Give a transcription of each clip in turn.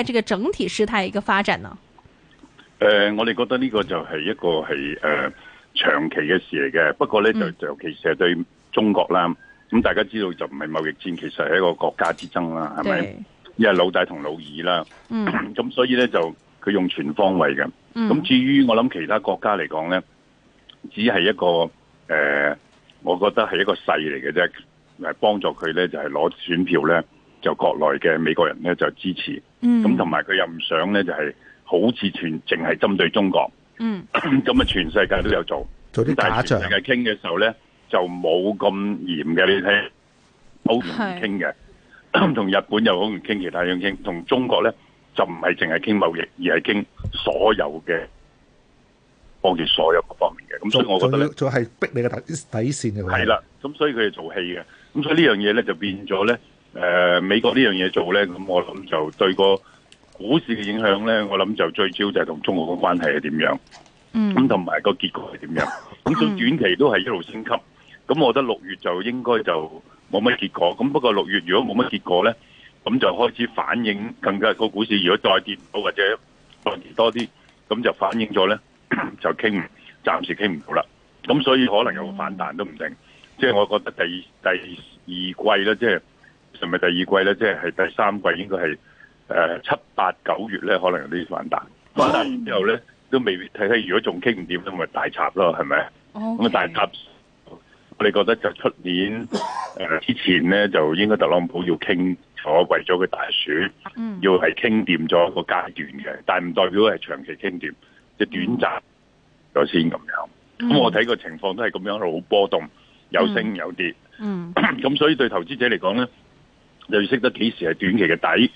呢、這個整體事態的一個發展呢？誒、呃，我哋覺得呢個就係一個係誒、呃、長期嘅事嚟嘅。不過呢，就尤其是係對中國啦，咁、嗯嗯、大家知道就唔係貿易戰，其實係一個國家之爭啦，係咪？因為老大同老二啦，咁、嗯、所以呢，就佢用全方位嘅。咁、嗯、至於我諗其他國家嚟講呢，只係一個誒、呃，我覺得係一個勢嚟嘅啫，誒，幫助佢呢，就係、是、攞選票呢，就國內嘅美國人呢，就支持。咁同埋佢又唔想咧，就係好似全淨係針對中國，嗯，咁啊 全世界都有做，做，但係全世界傾嘅時候咧就冇咁嚴嘅，你睇，好容易傾嘅，同 日本又好容易傾，其他樣傾，同中國咧就唔係淨係傾貿易，而係傾所有嘅，包括所有各方面嘅，咁所以我覺得呢，就係逼你嘅底線嘅，係啦，咁所以佢哋做戲嘅，咁所以呢樣嘢咧就變咗咧。誒、呃，美國這樣做呢樣嘢做咧，咁我諗就對個股市嘅影響咧，我諗就最主要就係同中國嘅關係係點樣，嗯，咁同埋個結果係點樣，咁到短期都係一路升級，咁、嗯、我覺得六月就應該就冇乜結果，咁不過六月如果冇乜結果咧，咁就開始反映更加個股市如果再跌唔到或者再跌多啲，咁就反映咗咧 就傾，暫時傾唔到啦，咁所以可能有個反彈都唔定，即、嗯、係、就是、我覺得第第二季咧，即係。係咪第二季咧？即係第三季應該是，應該係誒七八九月咧，可能有啲反彈。反 彈之後咧，都未必睇睇，如果仲傾唔掂，咁咪大插咯，係咪？咁啊，大插我哋覺得就出年誒、呃、之前咧，就應該特朗普要傾，所為咗個大選， 要係傾掂咗個階段嘅。但係唔代表係長期傾掂，即 係短暫咗先咁樣。咁 我睇個情況都係咁樣，好波動，有升有跌。嗯。咁所以對投資者嚟講咧。就要識得幾時係短期嘅底，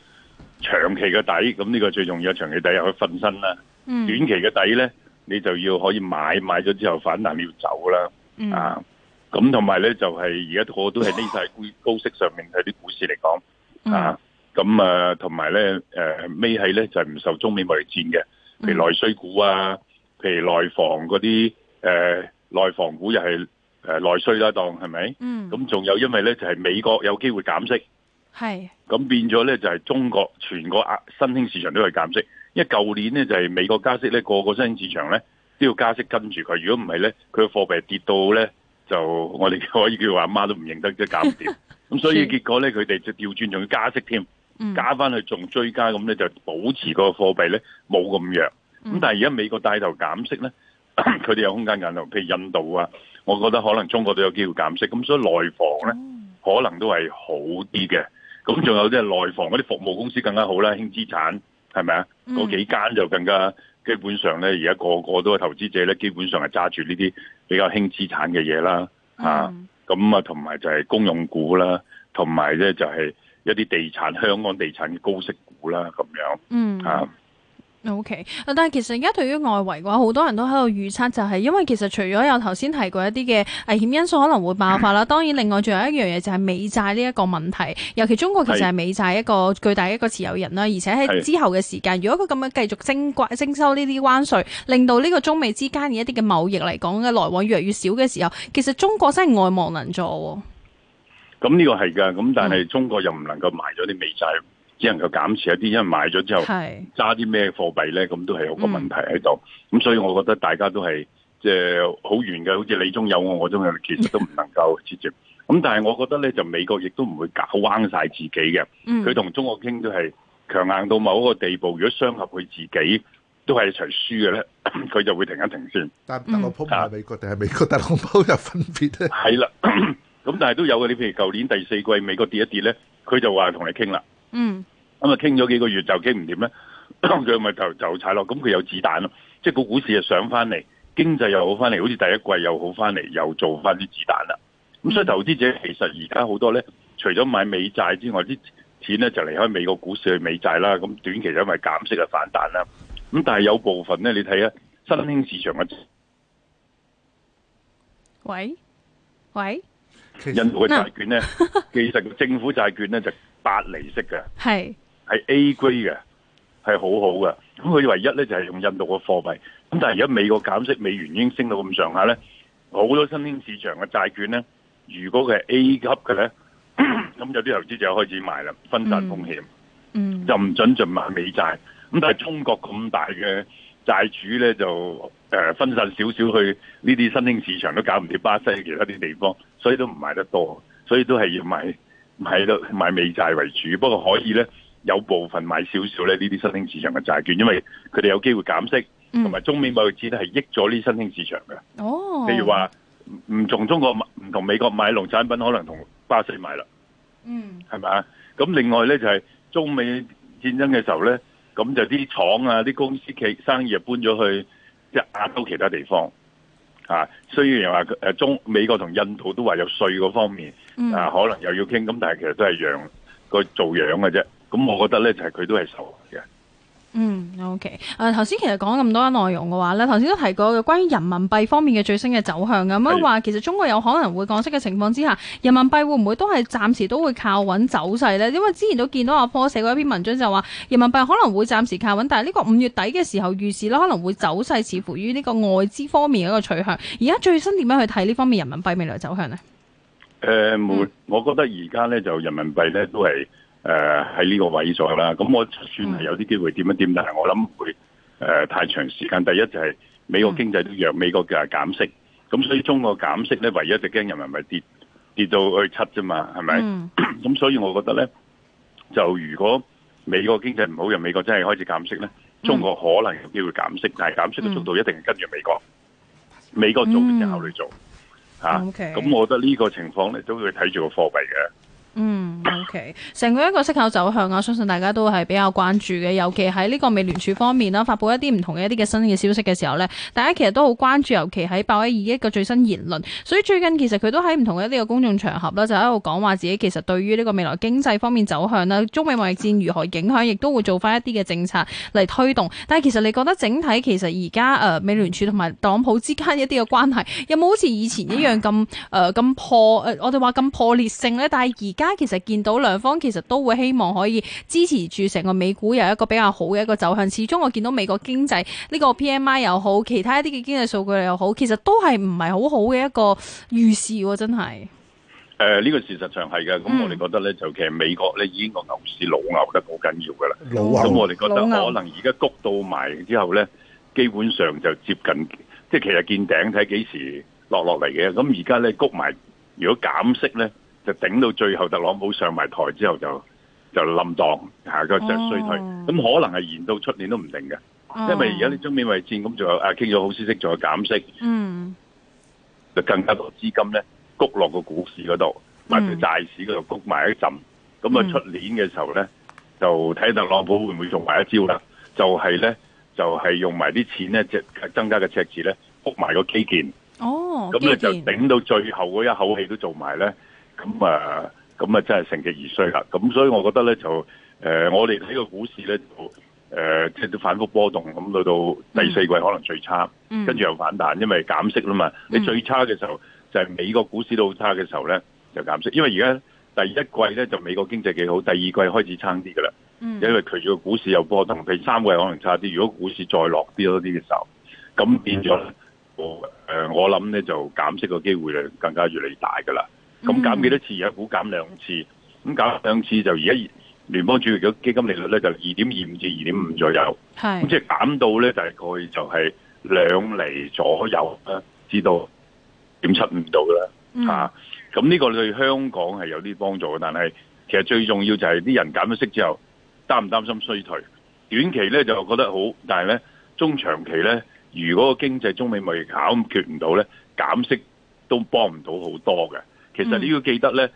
長期嘅底，咁呢個最重要。長期底入去瞓身啦，短期嘅底咧，你就要可以買，買咗之後反彈你要走啦。啊，咁同埋咧就係而家個個都係匿晒喺高高息上面，嘅啲股市嚟講啊，咁啊，同埋咧誒，尾係咧就係唔受中美貿易戰嘅，譬如內需股啊，譬如內房嗰啲誒內房股又係誒內需啦，當係咪？嗯，咁仲有因為咧就係美國有機會減息。係咁變咗咧，就係、是、中國全個新興市場都係減息，因為舊年咧就係、是、美國加息咧，個個新興市場咧都要加息跟住佢。如果唔係咧，佢個貨幣跌到咧，就我哋可以叫阿媽都唔認得，即係搞唔掂。咁所以結果咧，佢哋就調轉，仲要加息添，加、嗯、翻去仲追加咁咧，就保持個貨幣咧冇咁弱。咁、嗯、但係而家美國帶頭減息咧，佢哋有空間減落，譬如印度啊，我覺得可能中國都有機會減息。咁所以內防咧、嗯，可能都係好啲嘅。咁仲有啲內房嗰啲服務公司更加好啦，輕資產係咪啊？嗰、嗯、幾間就更加基本上咧，而家個個都係投資者咧，基本上係揸住呢啲比較輕資產嘅嘢啦，嚇。咁啊，同埋就係公用股啦，同埋咧就係一啲地產、香港地產嘅高息股啦，咁樣嚇。啊。O、okay, K，但係其實而家對於外圍嘅話，好多人都喺度預測就係，因為其實除咗有頭先提過一啲嘅危險因素可能會爆發啦。 當然，另外仲有一樣嘢就係美債呢一個問題。尤其中國其實係美債一個巨大一個持有人啦。而且喺之後嘅時間，如果佢咁樣繼續征徵收呢啲關稅，令到呢個中美之間嘅一啲嘅貿易嚟講嘅來往越嚟越少嘅時候，其實中國真係外望能助、哦。咁呢個係噶，咁但係中國又唔能夠埋咗啲美債。只能夠減少一啲，因為買咗之後揸啲咩貨幣咧，咁、嗯、都係有個問題喺度。咁所以我覺得大家都係即係好圓嘅，好似你中有我，我中有你，其實都唔能夠直接，接。咁但係我覺得咧，就美國亦都唔會搞彎晒自己嘅。佢同中國傾都係強硬到某一個地步，如果傷及佢自己，都係一場輸嘅咧，佢就會停一停先。但係特朗普美國定係美國？特朗普有嗯、咳咳但係特朗普有分別？係啦，咁但係都有嘅。你譬如舊年第四季美國跌一跌咧，佢就話同你傾啦。嗯，咁啊，傾咗幾個月就傾唔掂咧，佢咪 就就踩落，咁佢有子彈咯，即係個股市就上翻嚟，經濟又好翻嚟，好似第一季又好翻嚟，又做翻啲子彈啦。咁、嗯、所以投資者其實而家好多咧，除咗買美債之外，啲錢咧就離開美國股市去美債啦。咁短期因為減息就反彈啦，咁但係有部分咧，你睇下、啊、新興市場嘅，喂喂，印度嘅債券咧， 其實政府債券咧就。八厘息嘅係係 A 級嘅係好好嘅，咁佢唯一咧就係、是、用印度嘅貨幣。咁但係而家美國減息，美元已經升到咁上下咧，好多新興市場嘅債券咧，如果佢係 A 級嘅咧，咁有啲投資就開始賣啦，分散風險。嗯，就唔準盡買美債。咁但係中國咁大嘅債主咧，就誒分散少少去呢啲新興市場都搞唔掂，巴西其他啲地方，所以都唔買得多，所以都係要買。喺度買美債為主，不過可以咧有部分買少少咧呢啲新興市場嘅債券，因為佢哋有機會減息，同、嗯、埋中美貿易戰係益咗呢新興市場嘅。哦，譬如話唔從中國唔同美國買農產品，可能同巴西買啦。嗯，係咪啊？咁另外咧就係中美戰爭嘅時候咧，咁就啲廠啊、啲公司企生意啊搬咗去即係亞洲其他地方。啊，雖然話誒中美國同印度都話有稅嗰方面，啊、嗯、可能又要傾咁，但係其實都係讓個做樣嘅啫。咁我覺得咧就係佢都係受嘅。嗯，OK。誒、啊，頭先其實講咁多內容嘅話呢，頭先都提過關於人民幣方面嘅最新嘅走向。咁樣話，其實中國有可能會降息嘅情況之下，人民幣會唔會都係暫時都會靠穩走勢呢？因為之前都見到阿 Paul 寫過一篇文章就，就話人民幣可能會暫時靠穩，但係呢個五月底嘅時候預示咧，可能會走勢似乎於呢個外資方面嘅一個取向。而家最新點樣去睇呢方面人民幣未來走向呢？誒、呃，我覺得而家呢，就人民幣呢都係。誒、呃，喺呢個位數啦，咁我算係有啲機會點一點，但係我諗唔會誒、呃、太長時間。第一就係美國經濟都弱，嗯、美國嘅減息，咁所以中國減息咧，唯一就驚人民幣跌跌到去七啫嘛，係咪？咁、嗯、 所以我覺得咧，就如果美國經濟唔好，讓美國真係開始減息咧、嗯，中國可能有機會減息，但係減息嘅速度一定係跟住美國、嗯，美國做就考慮做，吓、嗯。咁、啊 okay. 我覺得呢個情況咧都要睇住個貨幣嘅。嗯。O.K. 成個一個息口走向，我相信大家都係比較關注嘅，尤其喺呢個美聯儲方面啦，發佈一啲唔同嘅一啲嘅新嘅消息嘅時候呢，大家其實都好關注，尤其喺鮑威爾一個最新言論。所以最近其實佢都喺唔同嘅一啲嘅公眾場合啦，就喺度講話自己其實對於呢個未來經濟方面走向啦，中美貿易戰如何影響，亦都會做翻一啲嘅政策嚟推動。但係其實你覺得整體其實而家誒美聯儲同埋黨普之間一啲嘅關係，有冇好似以前一樣咁誒咁破我哋話咁破裂性呢？但係而家其實見到。兩方其實都會希望可以支持住成個美股有一個比較好嘅一個走向。始終我見到美國經濟呢，這個 P M I 又好，其他一啲嘅經濟數據又好，其實都係唔係好好嘅一個預示，啊，真係、呃。誒，呢個事實上係嘅。咁、嗯、我哋覺得咧，就其實美國咧已經到牛市老牛得好緊要噶啦。老牛，咁我哋覺得可能而家谷到埋之後咧，基本上就接近，即係其實見頂，睇幾時落落嚟嘅。咁而家咧谷埋，如果減息咧。就頂到最後，特朗普上埋台之後就就冧檔，下個實衰退。咁、oh. 可能係延到出年都唔定嘅，oh. 因為而家你中美為戰，咁仲有啊傾咗好消息，仲有減息，嗯、mm.，就更加多資金咧，谷落個股市嗰度，買條債市嗰度谷埋一陣咁啊，出、mm. 年嘅時候咧，就睇特朗普會唔會用埋一招啦？就係、是、咧，就係、是、用埋啲錢咧，即係增加嘅赤字咧，谷埋個基建。哦、oh，咁咧就頂到最後嗰一口氣都做埋咧。咁啊，咁啊，真係盛極而衰啦。咁所以，我覺得咧就，誒、呃，我哋睇個股市咧、呃、就，誒，即係都反覆波動，咁到到第四季可能最差，跟、嗯、住又反彈，因為減息啦嘛、嗯。你最差嘅時候就係、是、美國股市都好差嘅時候咧，就減息，因為而家第一季咧就美國經濟幾好，第二季開始差啲嘅啦，因為佢住個股市又波動，第三季可能差啲。如果股市再落啲多啲嘅時候，咁變咗，誒、嗯，我諗咧、呃、就減息嘅機會咧更加越嚟越大嘅啦。咁、嗯、減幾多次？有股減兩次，咁減兩次就而家聯邦主義嘅基金利率咧就二點二五至二點五左右，咁即係減到咧大概就係兩厘左右，到2.75左右，嗯，啊，至到點七五度啦，咁呢個對香港係有啲幫助嘅，但係其實最重要就係啲人減咗息之後擔唔擔心衰退？短期咧就覺得好，但係咧中長期咧，如果個經濟中美貿易搞決唔到咧，減息都幫唔到好多嘅。其實你要記得咧，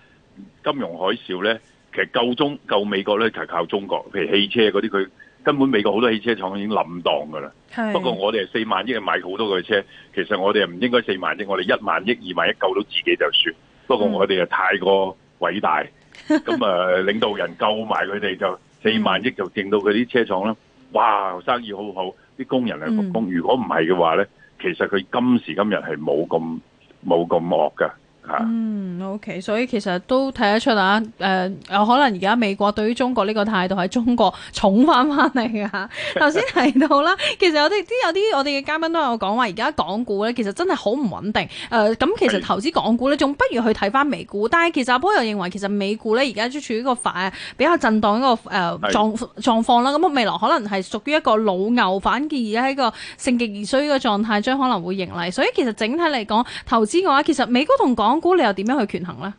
金融海嘯咧，其實救中救美國咧，就靠中國。譬如汽車嗰啲，佢根本美國好多汽車廠已經冧檔噶啦。不過我哋係四萬億買好多嘅車，其實我哋唔應該四萬億，我哋一萬億、二萬億救到自己就算。不過我哋又太過偉大，咁 啊領導人救埋佢哋就四萬億就令到佢啲車廠啦，哇生意好好，啲工人係復工、嗯。如果唔係嘅話咧，其實佢今時今日係冇咁冇咁惡噶。沒那麼嗯，OK，所以其實都睇得出啦誒，有、呃、可能而家美國對於中國呢個態度喺中國重翻翻嚟㗎。頭先提到啦， 其實我哋都有啲我哋嘅嘉賓都有講話，而家港股咧其實真係好唔穩定。誒、呃，咁其實投資港股咧，仲不如去睇翻美股。但係其實阿波又認為，其實美股咧而家處於一個比較震盪一個誒、呃、狀狀況啦。咁未來可能係屬於一個老牛反結而喺一個盛極而衰嘅狀態，將可能會盈利。所以其實整體嚟講，投資嘅話，其實美股同港。估你又點樣去權衡咧？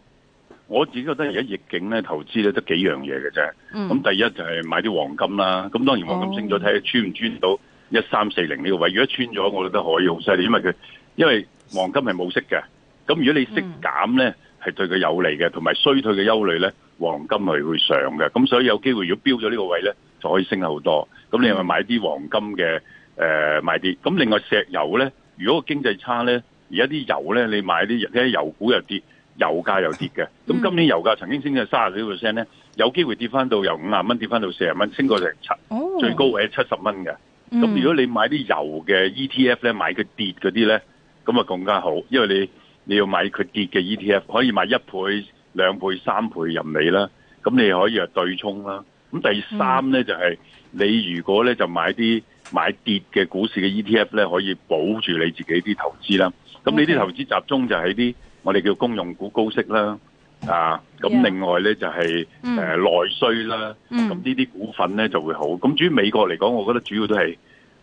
我自己覺得而家逆境咧，投資咧得幾樣嘢嘅啫。咁第一就係買啲黃金啦。咁當然黃金升咗，睇下穿唔穿到一三四零呢個位。如果穿咗，我覺得可以好犀利，因為佢因為黃金係冇息嘅。咁如果你息減咧，係對佢有利嘅，同埋衰退嘅憂慮咧，黃金係會上嘅。咁所以有機會如果飆咗呢個位咧，就可以升好多。咁你係咪買啲黃金嘅？誒，買啲。咁另外石油咧，如果個經濟差咧。而家啲油咧，你買啲，而油股又跌，油價又跌嘅。咁今年油價曾經升咗三十幾個 percent 咧，嗯、有機會跌翻到由五啊蚊，跌翻到四十蚊，升過成七，最高誒七十蚊嘅。咁如果你買啲油嘅 ETF 咧，買佢跌嗰啲咧，咁啊更加好，因為你你要買佢跌嘅 ETF，可以買一倍、兩倍、三倍任你啦。咁你可以啊對沖啦。咁第三咧就係、是、你如果咧就買啲。買跌嘅股市嘅 ETF 咧，可以保住你自己啲投資啦。咁你啲投資集中就喺啲我哋叫公用股高息啦，okay. yeah. 啊，咁另外咧就係誒內需啦。咁呢啲股份咧就會好。咁至於美國嚟講，我覺得主要都係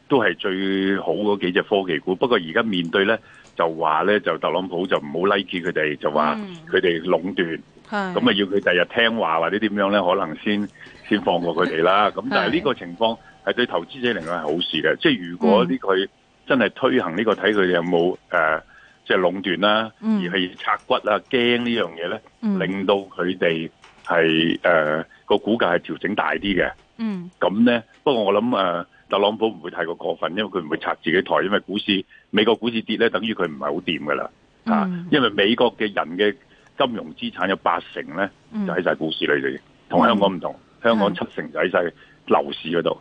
都係最好嗰幾隻科技股。不過而家面對咧，就話咧就特朗普就唔好 like 佢哋，就話佢哋壟斷，咁、mm. 啊要佢第日聽話或者點樣咧，可能先先放過佢哋啦。咁但係呢個情況。 係對投資者嚟講係好事嘅，即係如果呢佢真係推行呢，這個，睇佢哋有冇誒，即係壟斷啦，而係拆骨啊，驚呢樣嘢咧，嗯、令到佢哋係誒個股價係調整大啲嘅。咁、嗯、咧，不過我諗誒特朗普唔會太過過分，因為佢唔會拆自己台，因為股市美國股市跌咧，等於佢唔係好掂噶啦。啊、嗯，因為美國嘅人嘅金融資產有八成咧，就喺晒股市裏邊，同、嗯、香港唔同，香港七成就喺晒。樓市嗰度，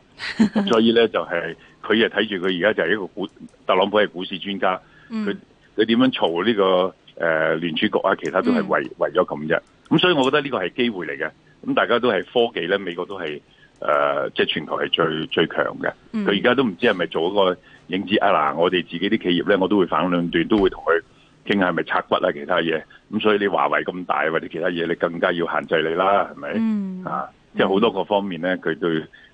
所以咧就係佢又睇住佢而家就係一個股，特朗普係股市專家，佢佢點樣吵呢個誒，聯儲局啊，其他都係為為咗咁啫。咁所以我覺得呢個係機會嚟嘅。咁大家都係科技咧，美國都係誒，即係全球係最最強嘅。佢而家都唔知係咪做嗰個影子啊嗱，我哋自己啲企業咧，我都會反兩段，都會同佢傾下係咪拆骨啊，其他嘢。咁所以你華為咁大，或者其他嘢，你更加要限制你啦，係咪？啊。嗯、即係好多個方面咧，佢都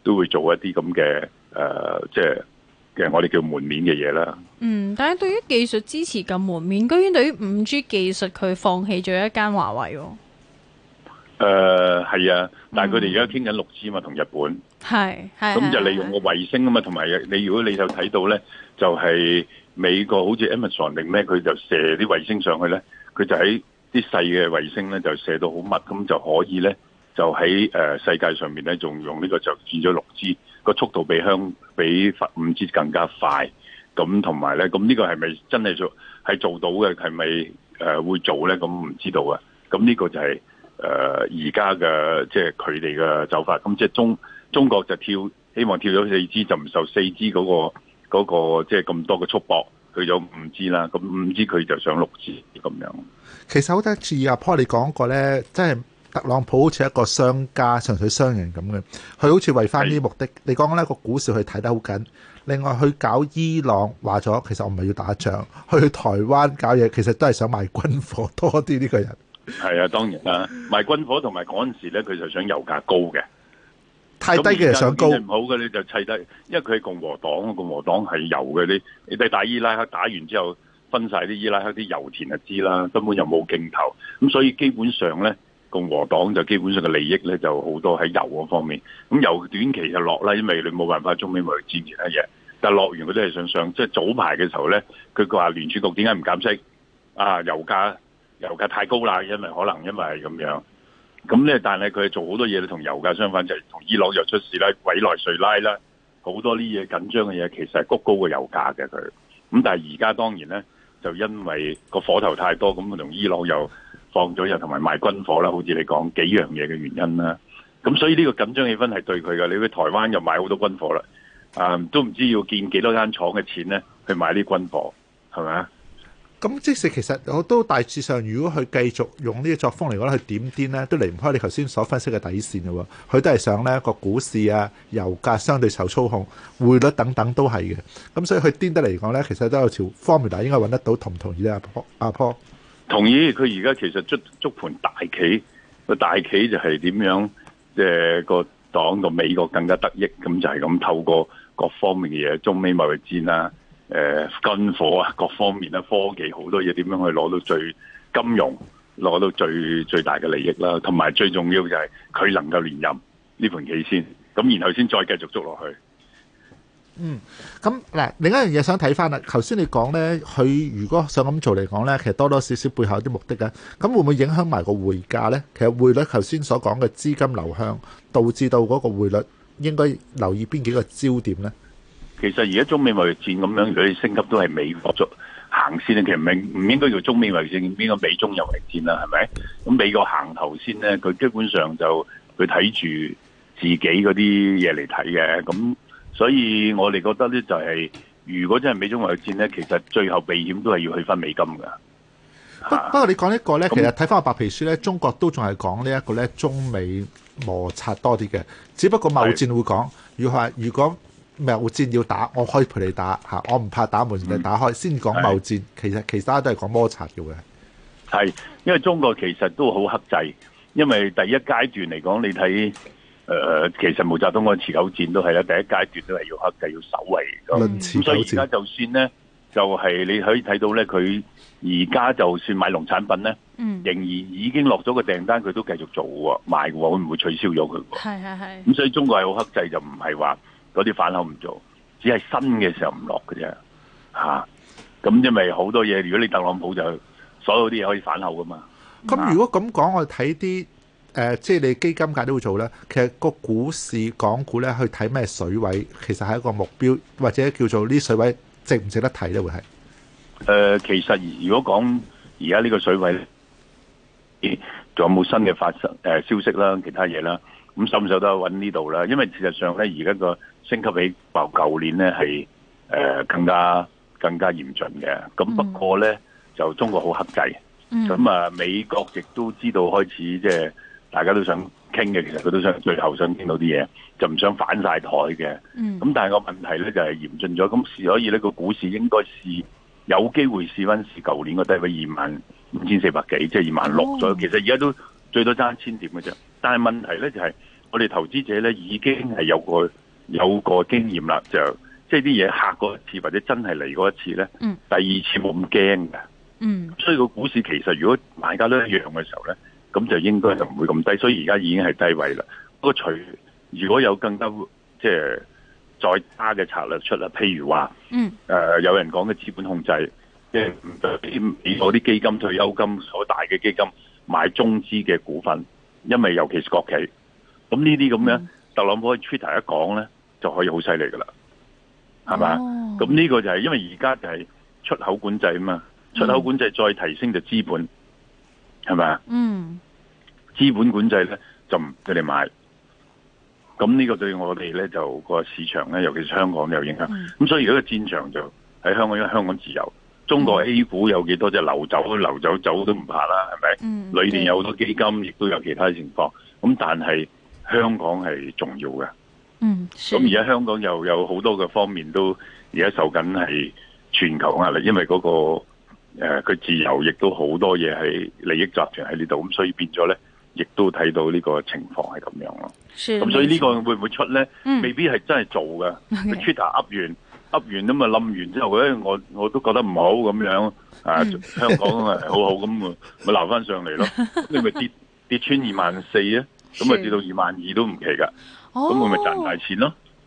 都會做一啲咁嘅誒，即係嘅我哋叫門面嘅嘢啦。嗯，但係對於技術支持嘅門面，居然對於五 G 技術，佢放棄咗一間華為、哦。誒、呃，係啊，但係佢哋而家傾緊六 G 嘛，同日本係，咁就利用個衛星啊嘛，同埋你如果你有睇到咧，就係、是、美國好似 Amazon 定咩，佢就射啲衛星上去咧，佢就喺啲細嘅衛星咧就射到好密，咁就可以咧。就喺誒世界上面咧，仲用呢個就轉咗六支，個速度比香比五支更加快。咁同埋咧，咁呢個係咪真係做係做到嘅？係咪誒會做咧？咁唔知道啊。咁呢個就係誒而家嘅即係佢哋嘅走法。咁即係中中國就跳，希望跳咗四支就唔受四支嗰個嗰個即係咁多嘅束縛，去咗五支啦。咁五支佢就想六支咁樣。其實好得意啊，Paul，你講過咧，即係。特朗普好似一個商家，純粹商人咁嘅，佢好似為翻啲目的。的你講呢個股市，佢睇得好緊。另外，佢搞伊朗話咗，其實我唔係要打仗。去台灣搞嘢，其實都係想賣軍火多啲。呢、這個人係啊，當然啦，賣軍火同埋嗰陣時呢，佢就想油價高嘅， 太低嘅人想高唔好嘅，你就砌低。因為佢係共和黨，共和黨係油嘅。你你打伊拉克打完之後，分晒啲伊拉克啲油田就知啦，根本又冇鏡頭。咁所以基本上呢。共和黨就基本上嘅利益咧，就好多喺油嗰方面，咁油短期就落啦，因為你冇辦法，中美貿易戰其他嘢。但係落完佢都係想上，即係早排嘅時候咧，佢話聯儲局點解唔減息？啊，油價，油價太高啦，因為可能因為咁樣。咁咧，但係佢做好多嘢都同油價相反，就係同伊朗又出事啦，委內瑞拉啦，好多啲嘢緊張嘅嘢，其實係谷高嘅油價嘅佢。咁但係而家當然咧，就因為個火頭太多，咁同伊朗又。放咗又同埋賣軍火啦，好似你講幾樣嘢嘅原因啦。咁所以呢個緊張氣氛係對佢嘅。你去台灣又買好多軍火啦，啊都唔知要建幾多間廠嘅錢咧，去買啲軍火係咪啊？咁即使其實我都大致上，如果去繼續用呢個作風嚟講，去點癲咧，都離唔開你頭先所分析嘅底線嘅。佢都係想咧個股市啊、油價相對受操控、匯率等等都係嘅。咁所以佢癲得嚟講咧，其實都有條方面，大應該揾得到同唔同意阿波，阿波。同意佢而家其實捉捉盤大棋，個大棋就係點樣？誒、呃、個黨個美國更加得益，咁就係咁透過各方面嘅嘢，中美貿易戰啦、誒、呃、軍火啊、各方面啦、科技好多嘢，點樣去攞到最金融攞到最最大嘅利益啦？同埋最重要就係佢能夠連任呢盤棋先，咁然後先再繼續捉落去。嗯，咁嗱，另一樣嘢想睇翻啦。頭先你講咧，佢如果想咁做嚟講咧，其實多多少少背後有啲目的嘅。咁會唔會影響埋個匯價咧？其實匯率頭先所講嘅資金流向，導致到嗰個匯率，應該留意邊幾個焦點咧？其實而家中美貿易戰咁樣，如果你升級都係美國做行先咧，其實唔應唔應該叫中美貿易戰，應該美中又貿易戰啦，係咪？咁美國行頭先咧，佢基本上就佢睇住自己嗰啲嘢嚟睇嘅，咁。所以我哋覺得呢、就係，就係如果真係美中為戰呢，其實最後避險都係要去翻美金㗎。不、啊、不過你講呢個呢，其實睇翻個白皮書呢，中國都仲係講呢一個呢中美摩擦多啲嘅。只不過貿戰會講，如，如果話如果貿戰要打，我可以陪你打吓、啊，我唔怕打門地打開、嗯。先講貿戰，其實其他都係講摩擦嘅。係，因為中國其實都好克制，因為第一階段嚟講，你睇。誒、呃、其實毛澤東個持久戰都係啦，第一階段都係要克制，要守衛咁、嗯。所以而家就算咧，就係、是、你可以睇到咧，佢而家就算買農產品咧、嗯，仍然已經落咗個訂單，佢都繼續做賣嘅，會唔會取消咗佢？係係係。咁所以中國係好克制，就唔係話嗰啲反口唔做，只係新嘅時候唔落嘅啫。吓、啊，咁因為好多嘢，如果你特朗普就去所有啲嘢可以反口噶嘛。咁、嗯、如果咁講，我睇啲。誒、啊，即係你基金界都會做啦。其實個股市港股咧，去睇咩水位，其實係一個目標，或者叫做呢水位值唔值得睇咧，會係。誒，其實如果講而家呢個水位咧，仲有冇新嘅發生誒、呃、消息啦，其他嘢啦。咁受手，手都到揾呢度啦。因為事實上咧，而家個升級比舊舊年咧係誒更加更加嚴峻嘅。咁不過咧、嗯，就中國好克制。咁、嗯、啊，美國亦都知道開始即係。大家都想傾嘅，其實佢都想最後想傾到啲嘢，就唔想反晒台嘅。咁、mm. 但係個問題咧就係、是、嚴峻咗，咁所以呢個股市應該試有機會試翻試舊年個低位二萬五千四百幾，即係二萬六左右。Oh. 其實而家都最多爭一千點嘅啫。但係問題咧就係、是、我哋投資者咧已經係有個有個經驗啦，就即係啲嘢嚇過一次或者真係嚟過一次咧，mm. 第二次冇咁驚㗎。嗯、mm.，所以個股市其實如果買家都一樣嘅時候咧。咁就應該就唔會咁低，所以而家已經係低位啦。不過除如果有更多、就是、加即係再差嘅策略出啦，譬如話，嗯、呃，有人講嘅資本控制，即係唔啲以嗰啲基金、退休金所大嘅基金買中資嘅股份，因為尤其是國企，咁呢啲咁樣，特朗普 Twitter 一講咧，就可以好犀利噶啦，係嘛？咁、哦、呢個就係、是、因為而家就係出口管制啊嘛，出口管制再提升就資本。嗯嗯係咪啊？嗯，資本管制咧就唔俾你買。咁呢個對我哋咧就個市場咧，尤其是香港有影響。咁、嗯、所以如果個戰場就喺香港，因為香港自由，中國 A 股有幾多隻、嗯、流走，流走走都唔怕啦，係咪？嗯。裏邊有好多基金，亦都有其他情況。咁但係香港係重要嘅。嗯。咁而家香港又有好多嘅方面都而家受緊係全球壓力，因為嗰、那個。誒、呃、佢自由，亦都好多嘢係利益集團喺呢度，咁所以變咗咧，亦都睇到呢個情況係咁樣咯。咁所以呢個會唔會出咧、嗯？未必係真係做嘅。佢 Twitter 噏完噏完咁啊冧完之後，咧、哎、我我都覺得唔好咁樣、嗯。啊，香港啊，好好咁啊，咪流翻上嚟咯。你 咪跌跌穿二萬四啊，咁啊跌到二萬二都唔奇㗎。咁我咪賺大錢咯。